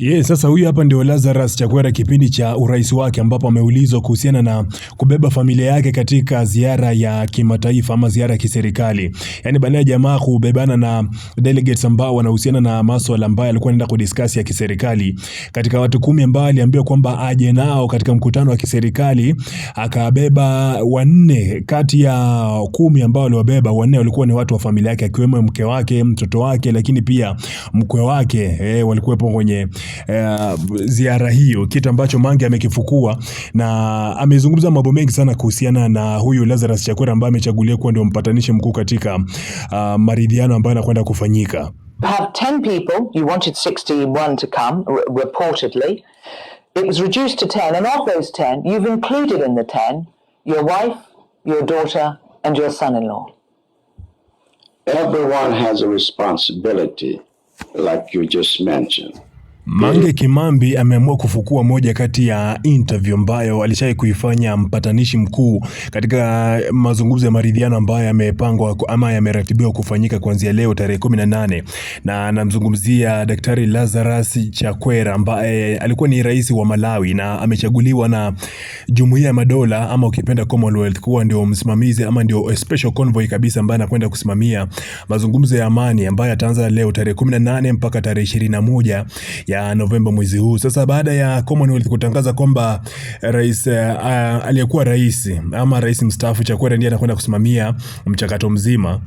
Yeah, sasa huyu hapa ndio Lazarus Chakwera kipindi cha urais wake ambapo ameulizwa kuhusiana na kubeba familia yake katika ziara ya kimataifa ama ziara ya kiserikali. Yaani baada ya jamaa kubebana na delegates ambao wanahusiana na masuala ambayo alikuwa anaenda kudiscuss ya kiserikali. Katika watu kumi ambao aliambiwa kwamba aje nao katika mkutano wa kiserikali, akabeba wanne kati ya kumi ambao aliwabeba, wanne walikuwa ni watu wa familia yake akiwemo mke wake, mtoto wake lakini pia mkwe wake, eh, walikuwepo kwenye uh, ziara hiyo, kitu ambacho Mange amekifukua na amezungumza mambo mengi sana kuhusiana na huyu Lazarus Chakwera ambaye amechaguliwa kuwa ndio mpatanishi mkuu katika uh, maridhiano ambayo yanakwenda kufanyika. About 10 people, you wanted 61 to come reportedly. It was reduced to 10 and of those 10, you've included in the 10 your wife, your daughter and your son-in-law. Everyone has a responsibility like you just mentioned. Mange Kimambi ameamua kufukua moja kati ya interview ambayo alishawahi kuifanya mpatanishi mkuu katika mazungumzo ya maridhiano ambayo yamepangwa ama yameratibiwa kufanyika kuanzia leo tarehe 18, na anamzungumzia Daktari Lazarus Chakwera ambaye alikuwa ni rais wa Malawi na amechaguliwa na Jumuiya ya Madola ama ukipenda Commonwealth kuwa ndio msimamizi ama ndio special convoy kabisa ambaye anakwenda kusimamia mazungumzo ya amani ambayo yataanza leo tarehe 18 mpaka tarehe 21 ya ya Novemba mwezi huu. Sasa baada ya Commonwealth kutangaza kwamba rais uh, aliyekuwa rais ama rais mstaafu Chakwera ndiye anakwenda kusimamia mchakato mzima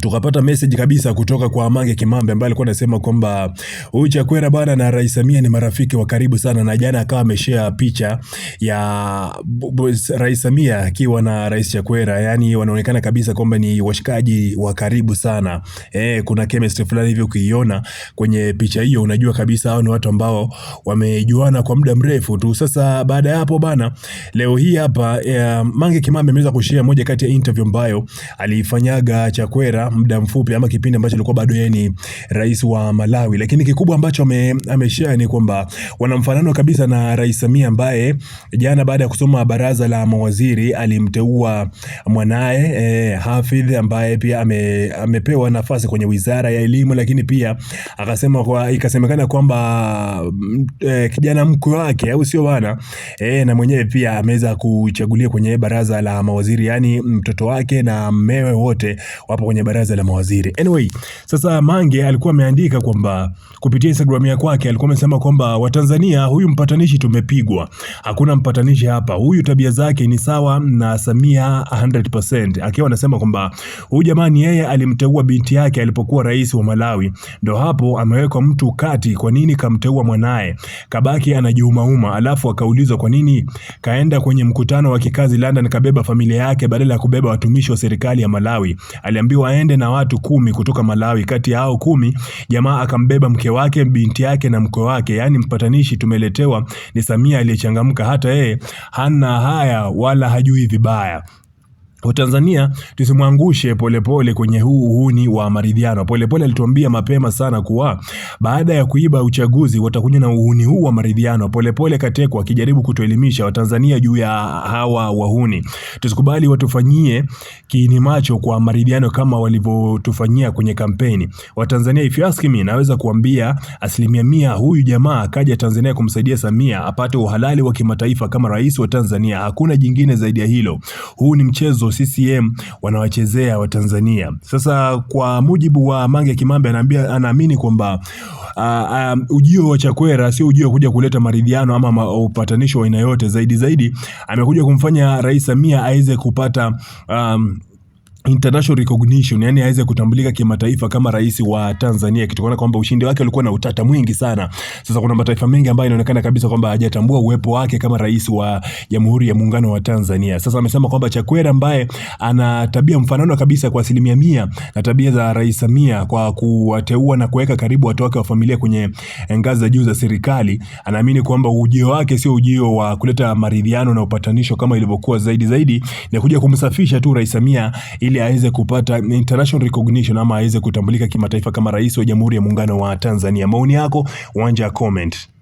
tukapata message kabisa kutoka kwa Mange Kimambe ambaye alikuwa anasema kwamba huyu Chakwera bwana na Rais Samia ni marafiki wa karibu sana, na jana akawa ameshare picha ya Rais Samia akiwa na Rais Chakwera, yani wanaonekana kabisa kwamba ni washikaji wa karibu sana. E, kuna chemistry fulani hivyo, ukiiona kwenye picha hiyo unajua kabisa hao ni watu ambao wamejuana kwa muda mrefu tu. Sasa baada ya hapo bana, leo hii hapa e, Mange Kimambe ameweza kushare moja kati ya interview ambayo aliifanyaga Chakwera muda mfupi ama kipindi ambacho alikuwa bado yeye ni rais wa Malawi, lakini kikubwa ambacho ameshare ni kwamba wanamfanano kabisa na Rais Samia ambaye jana baada ya kusoma baraza la mawaziri alimteua mwanae e, eh, Hafidh ambaye pia ame, amepewa nafasi kwenye wizara ya elimu, lakini pia akasema kwa, ikasemekana kwamba e, kijana mkwe wake au sio bana e, eh, na mwenyewe pia ameweza kuchagulia kwenye baraza la mawaziri, yani mtoto wake na mmewe wote wapo kwenye baraza baraza la mawaziri. Anyway, sasa Mange alikuwa ameandika kwamba kupitia Instagram ya kwake alikuwa amesema kwamba Watanzania, huyu mpatanishi tumepigwa, hakuna mpatanishi hapa. Huyu tabia zake ni sawa na Samia 100%, akiwa anasema kwamba huyu jamani, yeye alimteua binti yake alipokuwa rais wa Malawi, ndo hapo amewekwa mtu kati. Kwa nini kamteua mwanaye? Kabaki anajiumauma, alafu akaulizwa kwa nini kaenda kwenye mkutano wa kikazi London, kabeba familia yake badala ya kubeba watumishi wa serikali ya Malawi. Aliambiwa aende na watu kumi kutoka Malawi. Kati ya hao kumi, jamaa akambeba mke wake, binti yake na mkwe wake. Yaani mpatanishi tumeletewa ni Samia aliyechangamka, hata yeye hana haya wala hajui vibaya. Watanzania tusimwangushe Polepole kwenye huu uhuni wa maridhiano. Polepole alituambia mapema sana kuwa baada ya kuiba uchaguzi watakuja na uhuni huu wa maridhiano. Polepole katekwa akijaribu kutuelimisha Watanzania juu ya hawa wahuni. Tusikubali watufanyie kiini macho kwa maridhiano kama walivyotufanyia kwenye kampeni. Watanzania, if you ask me, naweza kuambia asilimia mia huyu jamaa akaja Tanzania kumsaidia Samia apate uhalali wa kimataifa kama rais wa Tanzania. Hakuna jingine zaidi ya hilo. Huu ni mchezo CCM wanawachezea Watanzania. Sasa kwa mujibu wa Mange Kimambe, anaambia anaamini kwamba uh, um, ujio wa Chakwera sio ujio kuja kuleta maridhiano ama upatanisho wa aina yote, zaidi zaidi amekuja kumfanya Rais Samia aweze kupata um, international recognition, yani aweze kutambulika kimataifa kama rais wa Tanzania, kitokana kwamba ushindi wake ulikuwa na utata mwingi sana. Sasa kuna mataifa mengi ambayo inaonekana kabisa kwamba hajatambua uwepo wake kama rais wa Jamhuri ya Muungano wa Tanzania. Sasa amesema kwamba Chakwera ambaye ana tabia mfanano kabisa kwa asilimia mia na tabia za Rais Samia kwa kuwateua na kuweka karibu watu wake wa familia kwenye eh, ngazi za juu za serikali, anaamini kwamba ujio wake sio ujio wa kuleta maridhiano na upatanisho kama ilivyokuwa, zaidi zaidi na kuja kumsafisha tu Rais Samia ili ili aweze kupata international recognition ama aweze kutambulika kimataifa kama rais wa Jamhuri ya Muungano wa Tanzania. Maoni yako, uwanja ya comment.